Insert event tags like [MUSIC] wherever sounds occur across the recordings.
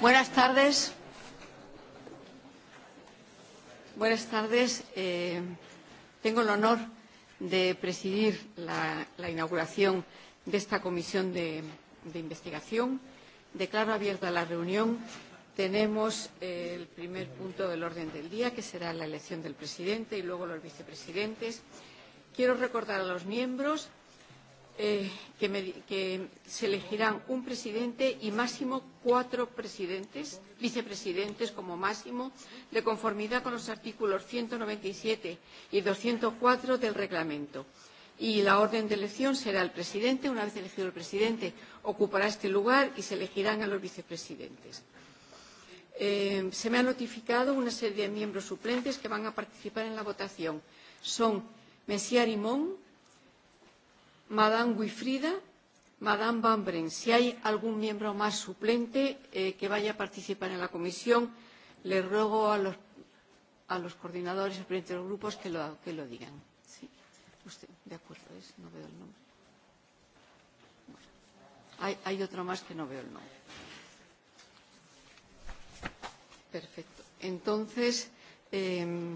Buenas tardes. Buenas tardes. Eh, tengo el honor de presidir la, la inauguración de esta comisión de, de investigación. Declaro abierta la reunión. Tenemos eh, el primer punto del orden del día, que será la elección del presidente y luego los vicepresidentes. Quiero recordar a los miembros eh, que, que se elegirán un presidente y máximo cuatro presidentes, vicepresidentes como máximo, de conformidad con los artículos 197 y 204 del reglamento. Y la orden de elección será el presidente. Una vez elegido el presidente, ocupará este lugar y se elegirán a los vicepresidentes. Eh, se me ha notificado una serie de miembros suplentes que van a participar en la votación. Son Messier Imón, Madame Wifrida, Madame Van Bren. Si hay algún miembro más suplente eh, que vaya a participar en la comisión, le ruego a los, a los coordinadores y presidentes de los grupos que lo, que lo digan. ¿Sí? Usted, de acuerdo, es, no veo el nombre. hay, hay otro más que no veo el nombre. Perfecto. Entonces, eh,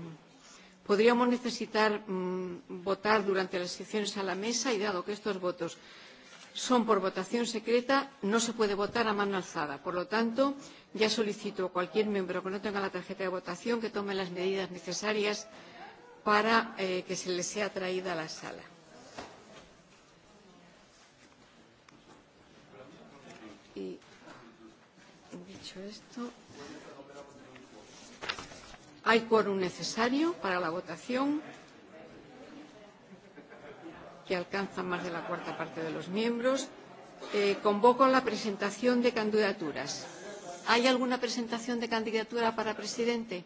podríamos necesitar mm, votar durante las sesiones a la mesa y dado que estos votos son por votación secreta, no se puede votar a mano alzada. Por lo tanto, ya solicito a cualquier miembro que no tenga la tarjeta de votación que tome las medidas necesarias para eh, que se le sea traída a la sala. Y dicho esto. ¿Hay quórum necesario para la votación? que alcanza más de la cuarta parte de los miembros. Eh, convoco la presentación de candidaturas. ¿Hay alguna presentación de candidatura para presidente?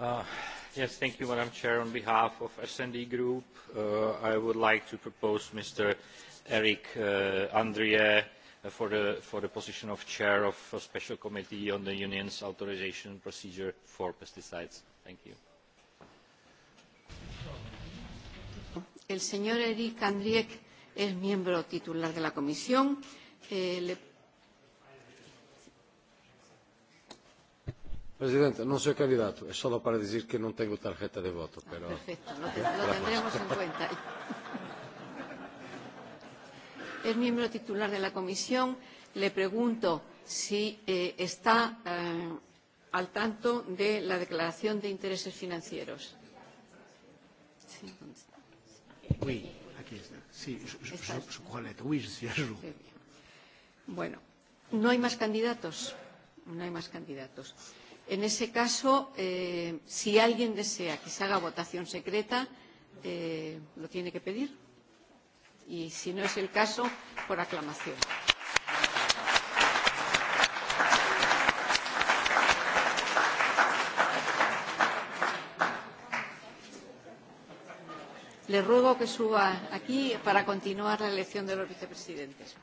Uh, yes, thank you, Madam Chair. On behalf of S&D Group, uh, I would like to propose Mr. Eric uh, Uh, for the, for the position of chair of a special committee on the union's authorization procedure for pesticides. Thank you. El señor Eric Andriek es miembro titular de la comisión. Eh, le... Presidente, non soy candidato, es solo para decir que non tengo tarjeta de voto. Ah, pero... Ah, perfecto, lo, lo tendremos en cuenta es miembro titular de la comisión le pregunto si eh, está eh, al tanto de la declaración de intereses financieros. Sí, aquí está. Sí, Bueno, no hay más candidatos. No hay más candidatos. En ese caso, eh, si alguien desea que se haga votación secreta, eh, lo tiene que pedir y, si no es el caso, por aclamación. Le ruego que suba aquí para continuar la elección de los vicepresidentes.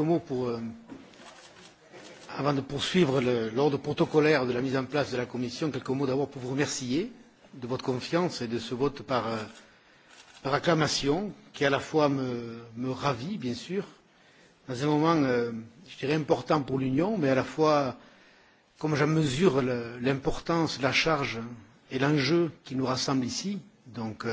Quelques mots pour, euh, avant de poursuivre l'ordre protocolaire de la mise en place de la commission, quelques mots d'abord pour vous remercier de votre confiance et de ce vote par, euh, par acclamation qui à la fois me, me ravit, bien sûr, dans un moment, euh, je dirais, important pour l'Union, mais à la fois, comme j'en mesure l'importance, la charge et l'enjeu qui nous rassemble ici, donc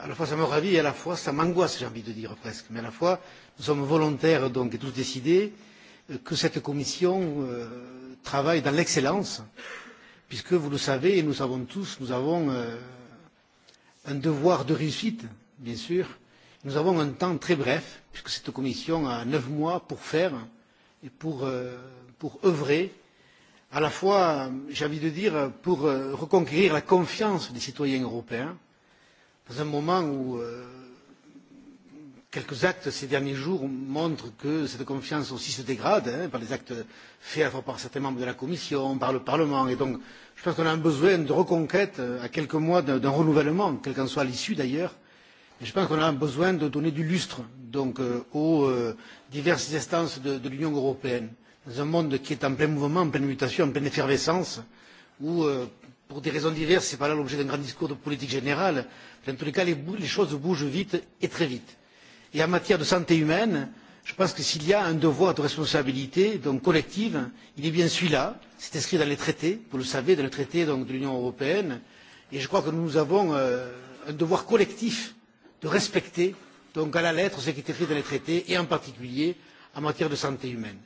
à la fois ça me ravit et à la fois ça m'angoisse, j'ai envie de dire presque. Mais à la fois, nous sommes volontaires donc et tous décidés euh, que cette commission euh, travaille dans l'excellence, puisque vous le savez et nous savons tous, nous avons euh, un devoir de réussite, bien sûr. Nous avons un temps très bref, puisque cette commission a neuf mois pour faire et pour, pour œuvrer, à la fois, j'ai envie de dire, pour reconquérir la confiance des citoyens européens, dans un moment où euh, quelques actes ces derniers jours montrent que cette confiance aussi se dégrade hein, par les actes faits à la fois par certains membres de la commission par le parlement et donc je pense qu'on a un besoin de reconquête euh, à quelques mois d'un renouvellement quelle qu'en soit l'issue d'ailleurs mais je pense qu'on a un besoin de donner du lustre donc, euh, aux diverses instances de, de l'union européenne dans un monde qui est en plein mouvement en pleine mutation en pleine effervescence où pour des raisons diverses, ce n'est pas là l'objet d'un grand discours de politique générale, mais en tous les cas, les, choses bougent vite et très vite. Et en matière de santé humaine, je pense que s'il y a un devoir de responsabilité donc collective, il est bien celui-là. C'est inscrit dans les traités, vous le savez, dans les traités donc, de l'Union européenne. Et je crois que nous avons euh, un devoir collectif de respecter donc, à la lettre ce qui est écrit dans les traités, et en particulier en matière de santé humaine.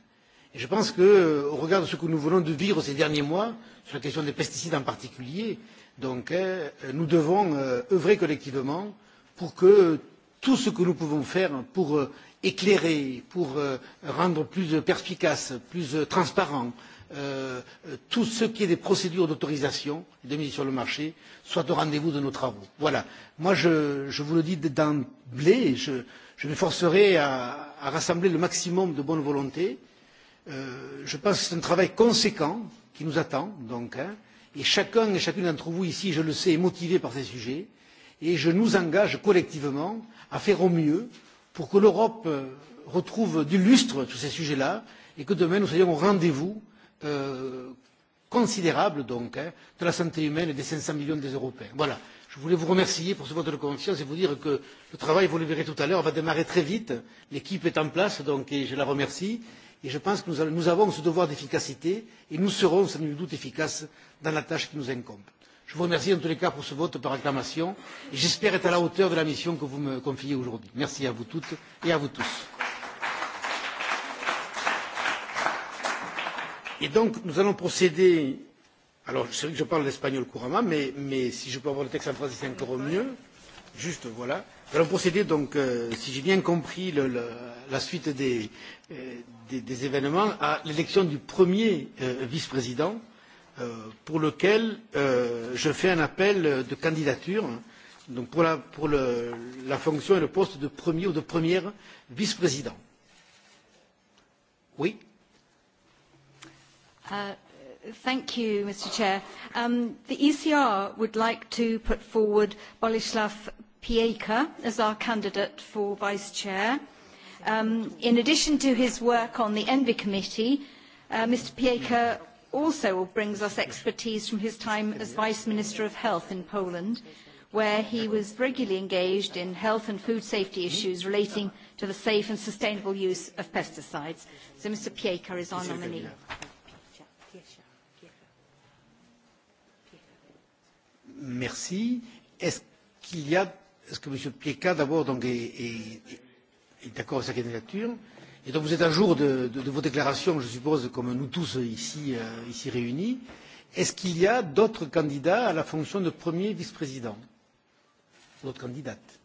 Et je pense que, au regard de ce que nous venons de vivre ces derniers mois, sur la question des pesticides en particulier, donc, nous devons euh, œuvrer collectivement pour que tout ce que nous pouvons faire pour euh, éclairer, pour euh, rendre plus perspicace, plus transparent, tout ce qui est des procédures d'autorisation et de mise sur le marché soit au rendez-vous de nos travaux. Voilà. Moi, je, je vous le dis d'emblée, je, je m'efforcerai à, à rassembler le maximum de bonne volonté Euh, je pense que c'est un travail conséquent qui nous attend donc et chacun et chacune d'entre vous ici je le sais est motivé par ces sujets et je nous engage collectivement à faire au mieux pour que l'europe euh, retrouve du lustre sur ces sujets là et que demain nous soyons au rendez vous euh, considérable donc de la santé humaine et des cinq cents millions des européens. voilà je voulais vous remercier pour ce vote de confiance et vous dire que le travail vous le verrez tout à l'heure va démarrer très vite l'équipe est en place donc et je la remercie et je pense que nous, avons ce devoir d'efficacité et nous serons sans nul doute efficaces dans la tâche qui nous incombe. je vous remercie en tous les cas pour ce vote par acclamation et j'espère être à la hauteur de la mission que vous me confiez aujourd'hui. merci à vous toutes et à vous tous. et donc nous allons procéder alors c'est vrai que je parle l'espagnol couramment mais, mais si je peux avoir le texte en français c'est encore mieux Juste, voilà. Nous allons procéder donc, euh, si j'ai bien compris le, le, la suite des, euh, des, des événements, à l'élection du premier euh, vice-président, euh, pour lequel euh, je fais un appel de candidature donc pour, la, pour le, la fonction et le poste de premier ou de première vice-président. Oui euh, Thank you, Mr. Chair. Um, the ECR would like to put forward Bolislav Pieka as our candidate for Vice Chair. Um, in addition to his work on the ENVI Committee, uh, Mr. Pieka also brings us expertise from his time as Vice Minister of Health in Poland, where he was regularly engaged in health and food safety issues relating to the safe and sustainable use of pesticides. So Mr. Pieka is our nominee. Merci. Est-ce qu'il y a... Est-ce que M. Pieka, d'abord, donc, est, est, est d'accord avec sa candidature Et donc, vous êtes à jour de, de, vos déclarations, je suppose, comme nous tous ici, euh, ici réunis. Est-ce qu'il y a d'autres candidats à la fonction de premier vice-président D'autres candidates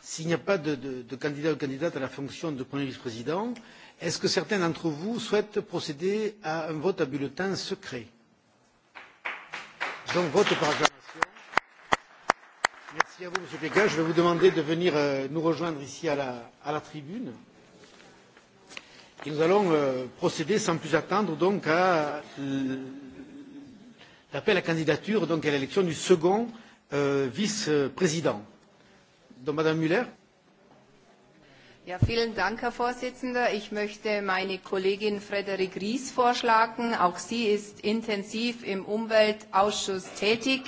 S'il n'y a pas de, de, de candidat ou candidate à la fonction de premier vice-président, est-ce que certains d'entre vous souhaitent procéder à un vote à bulletin secret donc vote par acclamation. merci à vous monsieur pékin je vais vous demander de venir euh, nous rejoindre ici à la, à la tribune et nous allons euh, procéder sans plus attendre donc à l'appel à candidature donc à l'élection du second euh, vice président. donc madame müller. Ja, vielen Dank, Herr Vorsitzender. Ich möchte meine Kollegin Frederik Ries vorschlagen. Auch sie ist intensiv im Umweltausschuss tätig,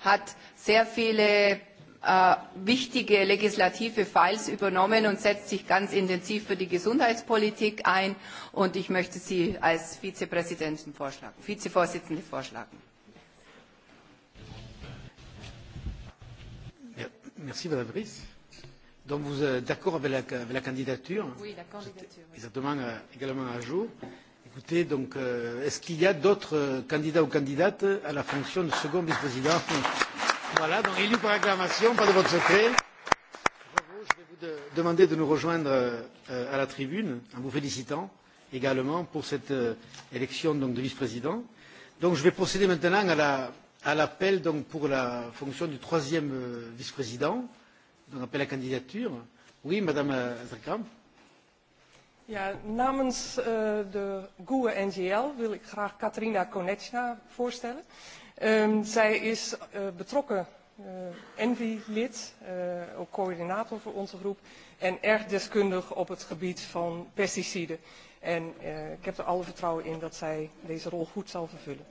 hat sehr viele äh, wichtige legislative Files übernommen und setzt sich ganz intensiv für die Gesundheitspolitik ein. Und ich möchte sie als Vizepräsidentin vorschlagen, Vizevorsitzende vorschlagen. merci, Madame Donc vous êtes d'accord avec, avec la, candidature Oui, la candidature. Oui. Exactement, euh, également à jour. Écoutez, donc, euh, est-ce qu'il y a d'autres euh, candidats ou candidates à la fonction de second vice-président [LAUGHS] Voilà, donc élu par acclamation, pas de votre secret. Bravo, je vais vous de, demander de nous rejoindre à la tribune en vous félicitant également pour cette élection donc, de vice-président. Donc je vais procéder maintenant à l'appel la, pour la fonction du troisième vice-président dan appel candidature. Oui, madame euh, Ja, namens eh, de GUE NGL wil ik graag Katrina Konechna voorstellen. Ehm, zij is eh, betrokken uh, eh, ENVI-lid, uh, ook coördinator voor onze groep, en erg deskundig op het gebied van pesticiden. En ik heb er alle vertrouwen in dat zij deze rol goed zal vervullen.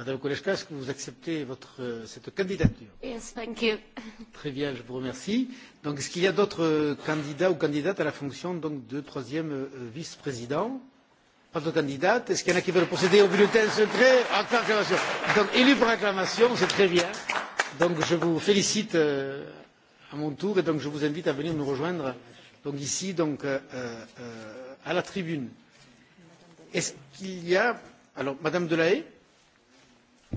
Madame Koleska, est-ce que vous acceptez votre, euh, cette candidature Yes, thank you. Très bien, je vous remercie. Donc, est-ce qu'il y a d'autres euh, candidats ou candidates à la fonction donc, de troisième euh, vice-président Pas de candidate. Est-ce qu'il y en a qui veulent procéder au bulletin secret Acclamation. Donc, élu par acclamation, c'est très bien. Donc, je vous félicite euh, à mon tour et donc je vous invite à venir nous rejoindre donc, ici, donc, euh, euh, à la tribune. Est-ce qu'il y a... Alors, Madame Delahaye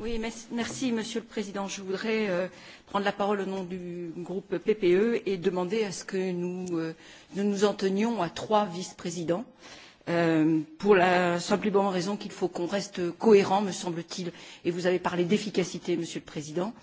Oui, merci Monsieur le Président. Je voudrais euh, prendre la parole au nom du groupe PPE et demander à ce que nous, euh, nous, en tenions à trois vice-présidents. Euh, pour la simple et bonne raison qu'il faut qu'on reste cohérent me semble t il et vous avez parlé d'efficacité monsieur le président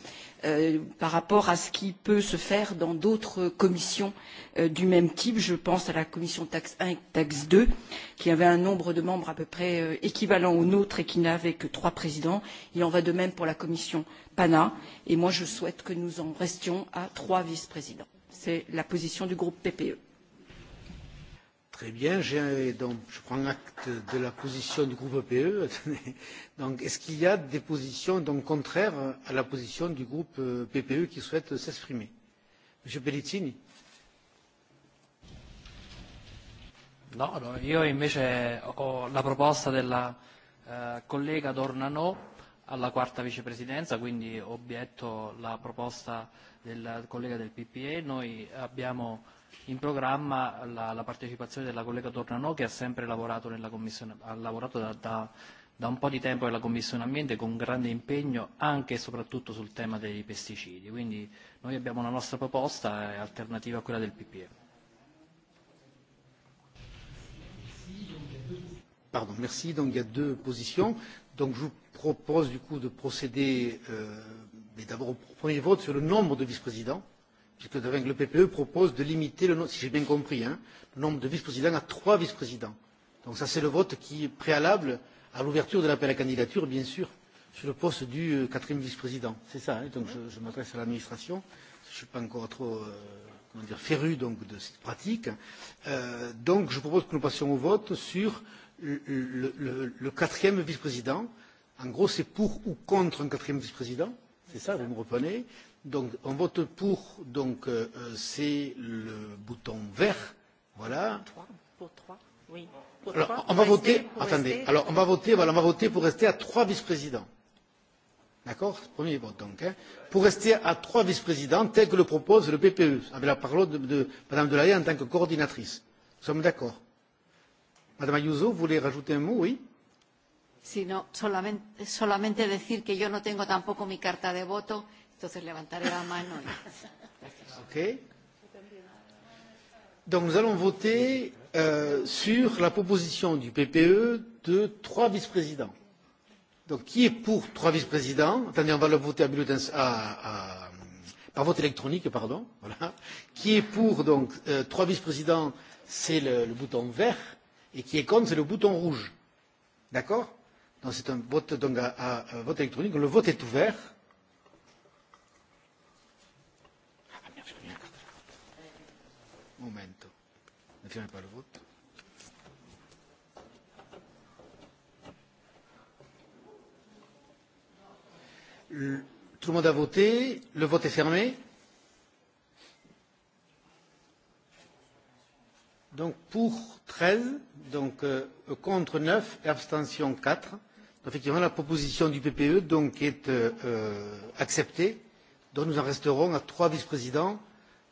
euh, par rapport à ce qui peut se faire dans d'autres commissions euh, du même type je pense à la commission taxe 1 et taxe 2, qui avait un nombre de membres à peu près équivalent au nôtre et qui n'avait que trois présidents il en va de même pour la commission pana et moi je souhaite que nous en restions à trois vice présidents. c'est la position du groupe ppe. Très bien, donc, je prends acte de la position du groupe PE. [LAUGHS] donc, est-ce qu'il y a des positions donc, contraires à la position du groupe euh, PPE qui souhaite s'exprimer Monsieur Pellizzini. No, allora io invece ho la proposta della eh, collega Dornano alla quarta vicepresidenza, quindi obietto la proposta del collega del PPE. Noi abbiamo in programma la, la partecipazione della collega Tornanò che ha sempre lavorato, nella commissione, ha lavorato da, da, da un po' di tempo nella Commissione Ambiente con grande impegno anche e soprattutto sul tema dei pesticidi. Quindi noi abbiamo una nostra proposta alternativa a quella del PPE. Pardon, merci. Donc il y a deux positions. Donc je vous propose du coup de procéder euh, d'abord au premier vote sur le nombre de vice-présidents, puisque le PPE propose de limiter, le, si j'ai bien compris, hein, le nombre de vice-présidents à trois vice-présidents. Donc ça c'est le vote qui est préalable à l'ouverture de l'appel à candidature, bien sûr, sur le poste du euh, quatrième vice-président. C'est ça, hein donc je, je m'adresse à l'administration. Je ne suis pas encore trop euh, comment dire, féru donc, de cette pratique. Euh, donc je propose que nous passions au vote sur le, le, le quatrième vice-président. En gros, c'est pour ou contre un quatrième vice-président. C'est ça, vous me reprenez. Donc, on vote pour, donc euh, euh, c'est le bouton vert. Voilà. Pour trois, oui. Pour alors, trois, on va voter, attendez, alors on va voter, voilà, on va voter pour rester à trois vice-présidents. D'accord Premier vote donc. Hein. Pour rester à trois vice-présidents, tel que le propose le PPE, avec la parole de, de Mme Delahaye en tant que coordinatrice. Nous sommes d'accord Madame Ayuso, vous voulez rajouter un mot, oui Si, non, solamente, solamente decir que yo no tengo tampoco mi carta de voto, entonces levantaré la mano. Y... Ok. Donc nous allons voter euh, sur la proposition du PPE de trois vice-présidents. Donc qui est pour trois vice-présidents Attendez, on va le voter à bulletin, à, à, par vote électronique, pardon. Voilà. Qui est pour donc euh, trois vice-présidents C'est le, le bouton vert Et qui est contre, c'est le bouton rouge. D'accord Donc c'est un vote, donc, à, à, vote électronique. Le vote est ouvert. Ah, Momento. Ne fermez pas le vote. Le, tout le monde a voté. Le vote est fermé. Donc pour 13, donc euh, contre neuf et abstention quatre effectivement la proposition du ppe donc est euh, acceptée donc nous en resterons à trois vice présidents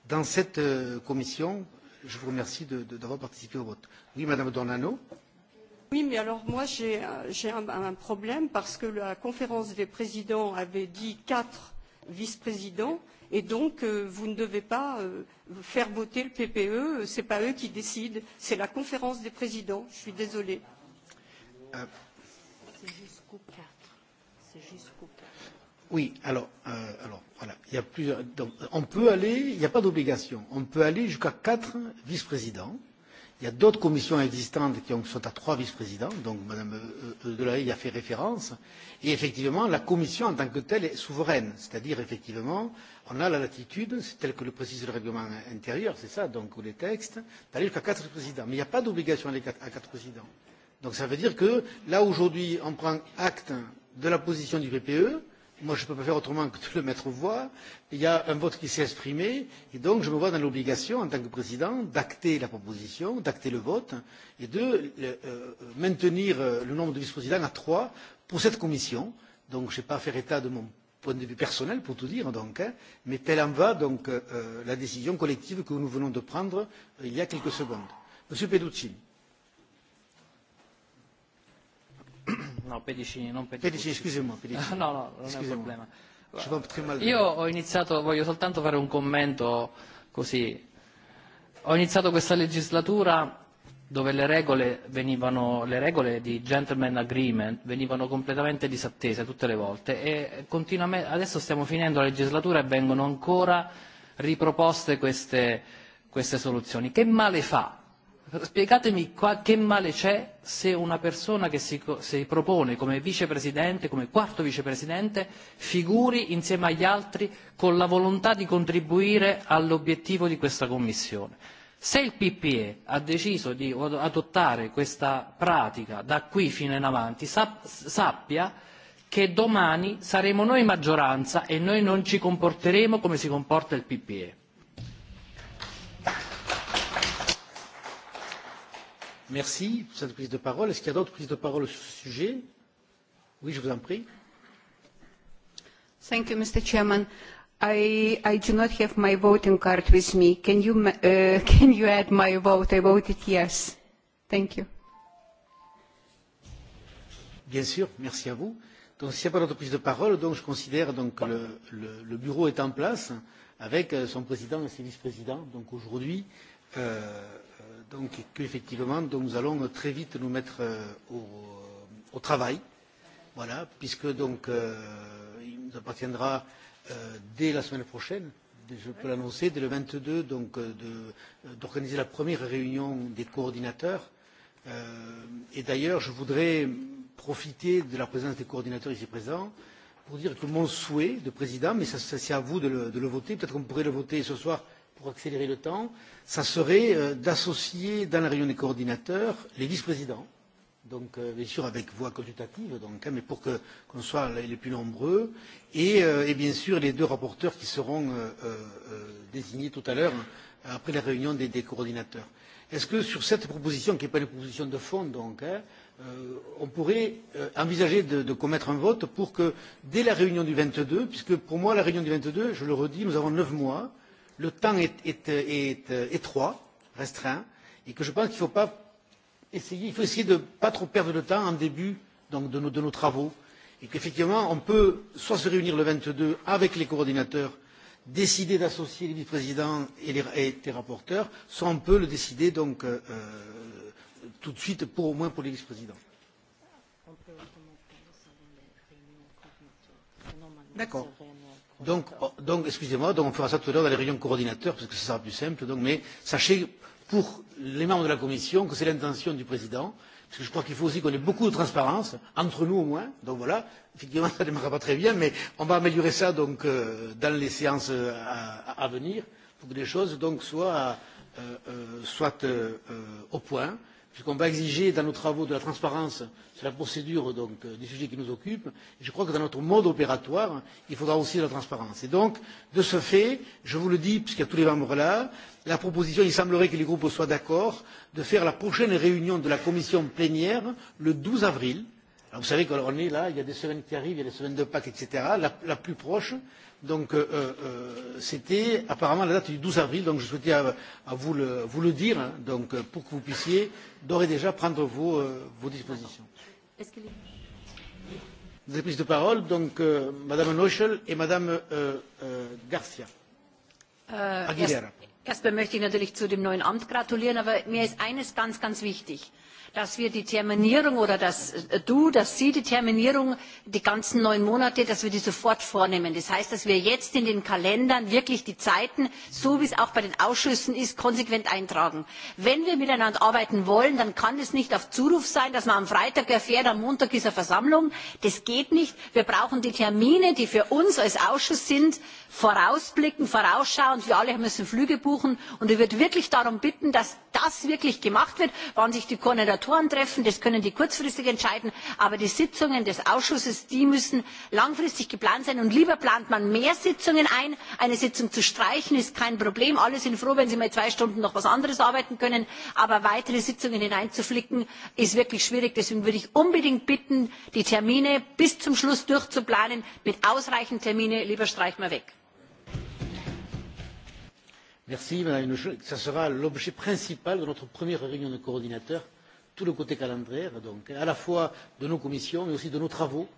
dans cette euh, commission. je vous remercie d'avoir participé au vote. oui madame d'ornano. oui mais alors moi euh, j'ai un, un problème parce que la conférence des présidents avait dit quatre vice-président et donc euh, vous ne devez pas euh, faire voter le PPE, ce n'est pas eux qui décident, c'est la conférence des présidents, je suis désolée. Euh, c'est jusqu'au 4. C'est Oui, alors, euh, alors voilà, il y a plusieurs... Donc, on peut aller, il n'y a pas d'obligation, on peut aller jusqu'à quatre vice-présidents Il y a d'autres commissions existantes qui sont à trois vice-présidents, donc Mme Delahaye y a fait référence. Et effectivement, la commission en tant que telle est souveraine. C'est-à-dire, effectivement, on a la latitude, c'est tel que le précise le règlement intérieur, c'est ça, donc, les textes, d'aller jusqu'à quatre présidents. Mais il n'y a pas d'obligation à, à quatre présidents. Donc ça veut dire que là, aujourd'hui, on prend acte de la position du PPE, moi je ne peux pas faire autrement que de le mettre aux voix. Il y a un vote qui s'est exprimé et donc je me vois dans l'obligation en tant que président d'acter la proposition, d'acter le vote et de euh, maintenir euh, le nombre de vice-présidents à trois pour cette commission. Donc je vais pas faire état de mon point de vue personnel pour tout dire donc, mais telle en va donc euh, la décision collective que nous venons de prendre il y a quelques secondes. Monsieur Peducci. no, Pedicini, non Pedicini. scusi, mo Pedicini. [LAUGHS] no, no, non è un problema. Io ho iniziato, voglio soltanto fare un commento così. Ho iniziato questa legislatura dove le regole venivano le regole di gentleman agreement venivano completamente disattese tutte le volte e continuamente adesso stiamo finendo la legislatura e vengono ancora riproposte queste queste soluzioni che male fa spiegatemi qua, che male c'è se una persona che si, si propone come vicepresidente, come quarto vicepresidente, figuri insieme agli altri con la volontà di contribuire all'obiettivo di questa Commissione. Se il PPE ha deciso di adottare questa pratica da qui fino in avanti, sappia che domani saremo noi maggioranza e noi non ci comporteremo come si comporta il PPE Merci pour Est-ce qu'il y a d'autres de parole sur ce sujet Oui, je vous en prie. Mr. I, Bien sûr, merci à vous. Donc, s'il n'y a pas d'autres de parole, donc, je considère donc, le, bureau est en place avec euh, son président et ses vice-présidents. Donc, aujourd'hui, euh, Euh, donc qu'effectivement nous allons euh, très vite nous mettre euh, au, au travail, voilà, puisque donc il nous appartiendra dès la semaine prochaine je peux l'annoncer dès le vingt deux d'organiser la première réunion des coordinateurs euh, et d'ailleurs je voudrais profiter de la présence des coordinateurs ici présents pour dire que mon souhait de président mais c'est à vous de le, de le voter peut être qu'on pourrait le voter ce soir pour accélérer le temps, ça serait euh, d'associer dans la réunion des coordinateurs les vice-présidents, donc euh, bien sûr avec voix consultative, donc, hein, mais pour que qu'on soit les plus nombreux, et, euh, et bien sûr les deux rapporteurs qui seront euh, euh, euh, désignés tout à l'heure après la réunion des, des coordinateurs. Est-ce que sur cette proposition, qui n'est pas une proposition de fond, donc, hein, on pourrait envisager de, de commettre un vote pour que, dès la réunion du 22, puisque pour moi, la réunion du 22, je le redis, nous avons neuf mois, le temps est, est, euh, est, euh, étroit, restreint, et que je pense qu'il faut pas essayer, il faut essayer de ne pas trop perdre de temps en début donc, de, nos, de nos travaux, et qu'effectivement, on peut soit se réunir le 22 avec les coordinateurs, décider d'associer les vice-présidents et, les, rapporteurs, soit on peut le décider donc, euh, tout de suite, pour, au moins pour les vice-présidents. D'accord. Donc, oh, donc excusez-moi, on fera ça tout à l'heure dans les réunions coordinateurs, parce que ce sera plus simple. Donc, mais sachez, pour les membres de la Commission, que c'est l'intention du Président, parce que je crois qu'il faut aussi qu'on ait beaucoup de transparence, entre nous au moins. Donc voilà, effectivement, [LAUGHS] ça ne démarrera pas très bien, mais on va améliorer ça donc, euh, dans les séances euh, à, à venir, pour que les choses donc, soient, euh, euh soient euh, euh, au point puisqu'on va exiger dans nos travaux de la transparence sur la procédure donc, euh, du sujet qui nous occupe. Je crois que dans notre mode opératoire, il faudra aussi de la transparence. Et donc, de ce fait, je vous le dis, puisqu'il y a tous les membres là, la proposition, il semblerait que les groupes soient d'accord, de faire la prochaine réunion de la commission plénière le 12 avril. Alors vous savez qu'on est là, il y a des semaines qui arrivent, il y a des semaines de Pâques, etc., la, la plus proche, Donc euh, euh, c'était apparemment la date du 12 avril, donc je souhaitais à, vous, le, vous le dire, donc euh, pour que vous puissiez d'ores et déjà prendre vos, dispositions. Est-ce que les... de parole, donc Madame Nochel et Madame Garcia. Aguilera erstmal möchte ich natürlich zu dem neuen amt gratulieren aber mir ist eines ganz ganz wichtig dass wir die terminierung oder dass äh, du dass sie die terminierung die ganzen neun monate dass wir die sofort vornehmen das heißt dass wir jetzt in den kalendern wirklich die zeiten so wie es auch bei den ausschüssen ist konsequent eintragen. wenn wir miteinander arbeiten wollen dann kann es nicht auf zuruf sein dass man am freitag erfährt am montag ist eine versammlung das geht nicht. wir brauchen die termine die für uns als ausschuss sind vorausblicken vorausschauend wir alle müssen flüge und ich würde wirklich darum bitten dass das wirklich gemacht wird wann sich die koordinatoren treffen das können die kurzfristig entscheiden aber die sitzungen des ausschusses die müssen langfristig geplant sein und lieber plant man mehr sitzungen ein eine sitzung zu streichen ist kein problem alle sind froh wenn sie mal zwei stunden noch etwas anderes arbeiten können aber weitere sitzungen hineinzuflicken ist wirklich schwierig deswegen würde ich unbedingt bitten die termine bis zum schluss durchzuplanen mit ausreichend Terminen lieber streichen wir weg. Merci, Madame Hinoche. ce sera l'objet principal de notre première réunion de coordinateurs, tout le côté calendrier, donc, à la fois de nos commissions, mais aussi de nos travaux,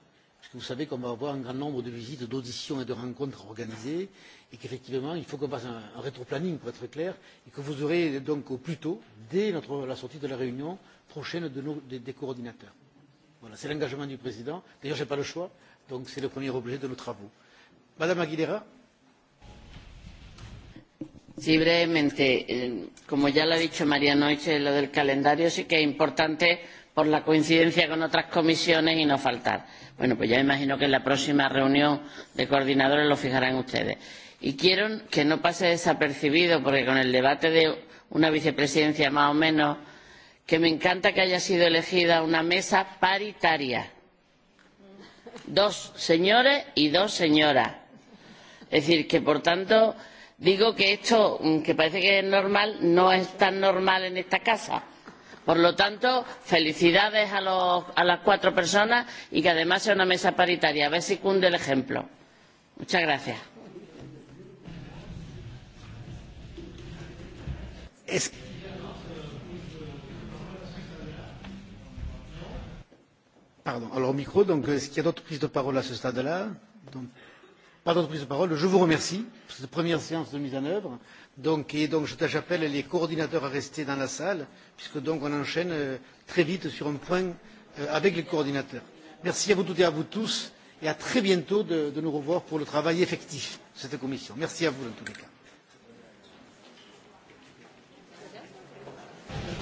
puisque vous savez qu'on va avoir un grand nombre de visites, d'auditions et de rencontres organisées, et qu'effectivement, il faut qu'on fasse un, un rétro-planning, pour être clair, et que vous aurez donc au plus tôt, dès notre, la sortie de la réunion prochaine de nos, des, des coordinateurs. Voilà, c'est l'engagement du président. D'ailleurs, je n'ai pas le choix, donc c'est le premier objet de nos travaux. Madame Aguilera Sí, brevemente. Eh, como ya lo ha dicho María Noche, lo del calendario sí que es importante por la coincidencia con otras comisiones y no faltar. Bueno, pues ya imagino que en la próxima reunión de coordinadores lo fijarán ustedes. Y quiero que no pase desapercibido, porque con el debate de una vicepresidencia más o menos, que me encanta que haya sido elegida una mesa paritaria. Dos señores y dos señoras. Es decir, que por tanto digo que esto mm, que parece que es normal no es tan normal en esta casa. por lo tanto felicidades a, los, a las cuatro personas y que además sea una mesa paritaria a ver si cunde el ejemplo. muchas gracias. Es... Alors, micro, donc, a de parole à ce stade-là donc pas d'autres prises de parole. Je vous remercie pour cette première séance de mise en œuvre. Donc, et donc, j'appelle les coordinateurs à rester dans la salle, puisque donc on enchaîne euh, très vite sur un point euh, avec les coordinateurs. Merci à vous toutes et à vous tous, et à très bientôt de, de nous revoir pour le travail effectif de cette commission. Merci à vous, en tous les cas.